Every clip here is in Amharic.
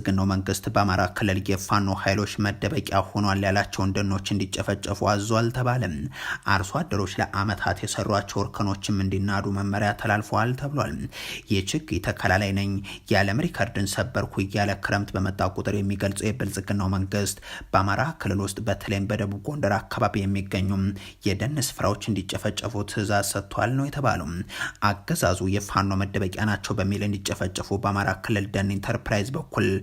ብልጽግናው መንግስት በአማራ ክልል የፋኖ ኃይሎች መደበቂያ ሆኗል ያላቸውን ደኖች እንዲጨፈጨፉ አዟል አልተባለም። አርሶ አደሮች ለአመታት የሰሯቸው እርከኖችም እንዲናዱ መመሪያ ተላልፈዋል ተብሏል። የችግኝ ተከላላይ ነኝ የዓለም ሪከርድን ሰበርኩ እያለ ክረምት በመጣ ቁጥር የሚገልጸው የብልጽግናው መንግስት በአማራ ክልል ውስጥ በተለይም በደቡብ ጎንደር አካባቢ የሚገኙም የደን ስፍራዎች እንዲጨፈጨፉ ትእዛዝ ሰጥቷል ነው የተባሉ። አገዛዙ የፋኖ መደበቂያ ናቸው በሚል እንዲጨፈጨፉ በአማራ ክልል ደን ኢንተርፕራይዝ በኩል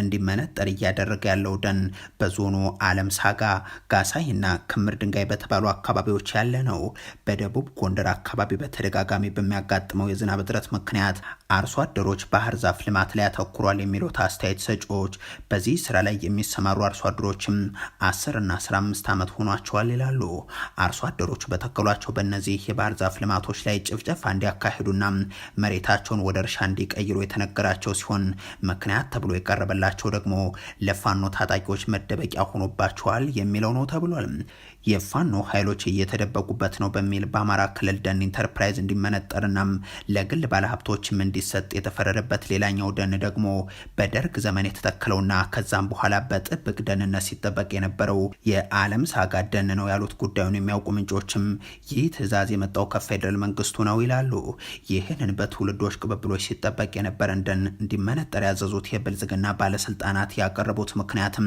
እንዲመነጠር እያደረገ ያለው ደን በዞኑ አለም ሳጋ ጋሳይና ክምር ድንጋይ በተባሉ አካባቢዎች ያለ ነው። በደቡብ ጎንደር አካባቢ በተደጋጋሚ በሚያጋጥመው የዝናብ እጥረት ምክንያት አርሶ አደሮች ባህር ዛፍ ልማት ላይ ያተኩሯል የሚሉት አስተያየት ሰጪዎች በዚህ ስራ ላይ የሚሰማሩ አርሶ አደሮችም አስር እና አስራ አምስት ዓመት ሆኗቸዋል ይላሉ። አርሶ አደሮቹ በተከሏቸው በእነዚህ የባህር ዛፍ ልማቶች ላይ ጭፍጨፋ እንዲያካሂዱና መሬታቸውን ወደ እርሻ እንዲቀይሩ የተነገራቸው ሲሆን ምክንያት ተብሎ የቀረበ መዋላቸው ደግሞ ለፋኖ ታጣቂዎች መደበቂያ ሆኖባቸዋል የሚለው ነው ተብሏል። የፋኖ ኃይሎች እየተደበቁበት ነው በሚል በአማራ ክልል ደን ኢንተርፕራይዝ እንዲመነጠርናም ለግል ባለሀብቶችም እንዲሰጥ የተፈረደበት ሌላኛው ደን ደግሞ በደርግ ዘመን የተተከለውና ከዛም በኋላ በጥብቅ ደህንነት ሲጠበቅ የነበረው የዓለም ሳጋ ደን ነው ያሉት ጉዳዩን የሚያውቁ ምንጮችም ይህ ትዕዛዝ የመጣው ከፌዴራል መንግስቱ ነው ይላሉ። ይህንን በትውልዶች ቅብብሎች ሲጠበቅ የነበረን ደን እንዲመነጠር ያዘዙት የብልጽግና ባለስልጣናት ያቀረቡት ምክንያትም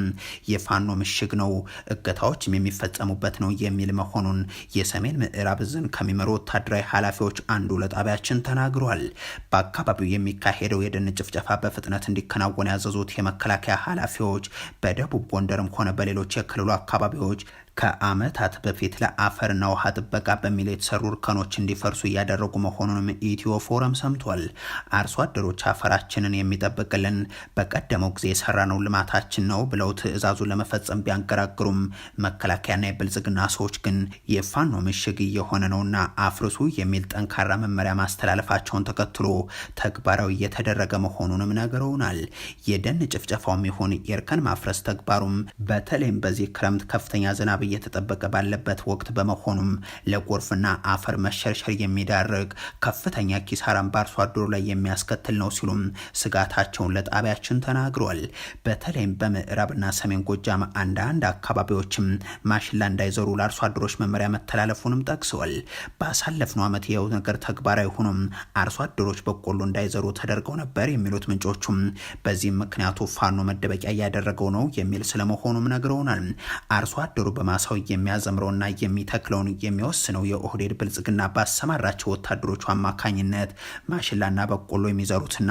የፋኖ ምሽግ ነው፣ እገታዎችም የሚፈጸሙበት ነው የሚል መሆኑን የሰሜን ምዕራብ እዝን ከሚመሩ ወታደራዊ ኃላፊዎች አንዱ ለጣቢያችን ተናግሯል። በአካባቢው የሚካሄደው የደን ጭፍጨፋ በፍጥነት እንዲከናወን ያዘዙት የመከላከያ ኃላፊዎች በደቡብ ጎንደርም ሆነ በሌሎች የክልሉ አካባቢዎች ከአመታት በፊት ለአፈርና ውሃ ጥበቃ በሚል የተሰሩ እርከኖች እንዲፈርሱ እያደረጉ መሆኑንም ኢትዮ ፎረም ሰምቷል። አርሶ አደሮች አፈራችንን የሚጠብቅልን በቀደመው ጊዜ የሰራነው ልማታችን ነው ብለው ትዕዛዙን ለመፈጸም ቢያንገራግሩም መከላከያና የብልጽግና ሰዎች ግን የፋኖ ምሽግ እየሆነ ነውና አፍርሱ የሚል ጠንካራ መመሪያ ማስተላለፋቸውን ተከትሎ ተግባራዊ እየተደረገ መሆኑንም ነግረውናል። የደን ጭፍጨፋውም ይሁን የእርከን ማፍረስ ተግባሩም በተለይም በዚህ ክረምት ከፍተኛ ዝናብ ዝናብ እየተጠበቀ ባለበት ወቅት በመሆኑም ለጎርፍና አፈር መሸርሸር የሚዳርግ ከፍተኛ ኪሳራን በአርሶ አደሩ ላይ የሚያስከትል ነው ሲሉም ስጋታቸውን ለጣቢያችን ተናግረዋል። በተለይም በምዕራብና ሰሜን ጎጃም አንዳንድ አካባቢዎችም ማሽላ እንዳይዘሩ ለአርሶ አደሮች መመሪያ መተላለፉንም ጠቅሰዋል። ባሳለፍነው ዓመት ይኸው ነገር ተግባራዊ ሆኖም አርሶ አደሮች በቆሎ እንዳይዘሩ ተደርገው ነበር የሚሉት ምንጮቹም በዚህም ምክንያቱ ፋኖ መደበቂያ እያደረገው ነው የሚል ስለመሆኑም ነግረውናል። አርሶ አደሩ በማ ማሳው የሚያዘምረውና የሚተክለውን የሚወስነው የኦህዴድ ብልጽግና ባሰማራቸው ወታደሮቹ አማካኝነት ማሽላና በቆሎ የሚዘሩትና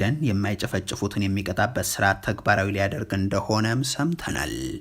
ደን የማይጨፈጭፉትን የሚቀጣበት ስርዓት ተግባራዊ ሊያደርግ እንደሆነም ሰምተናል።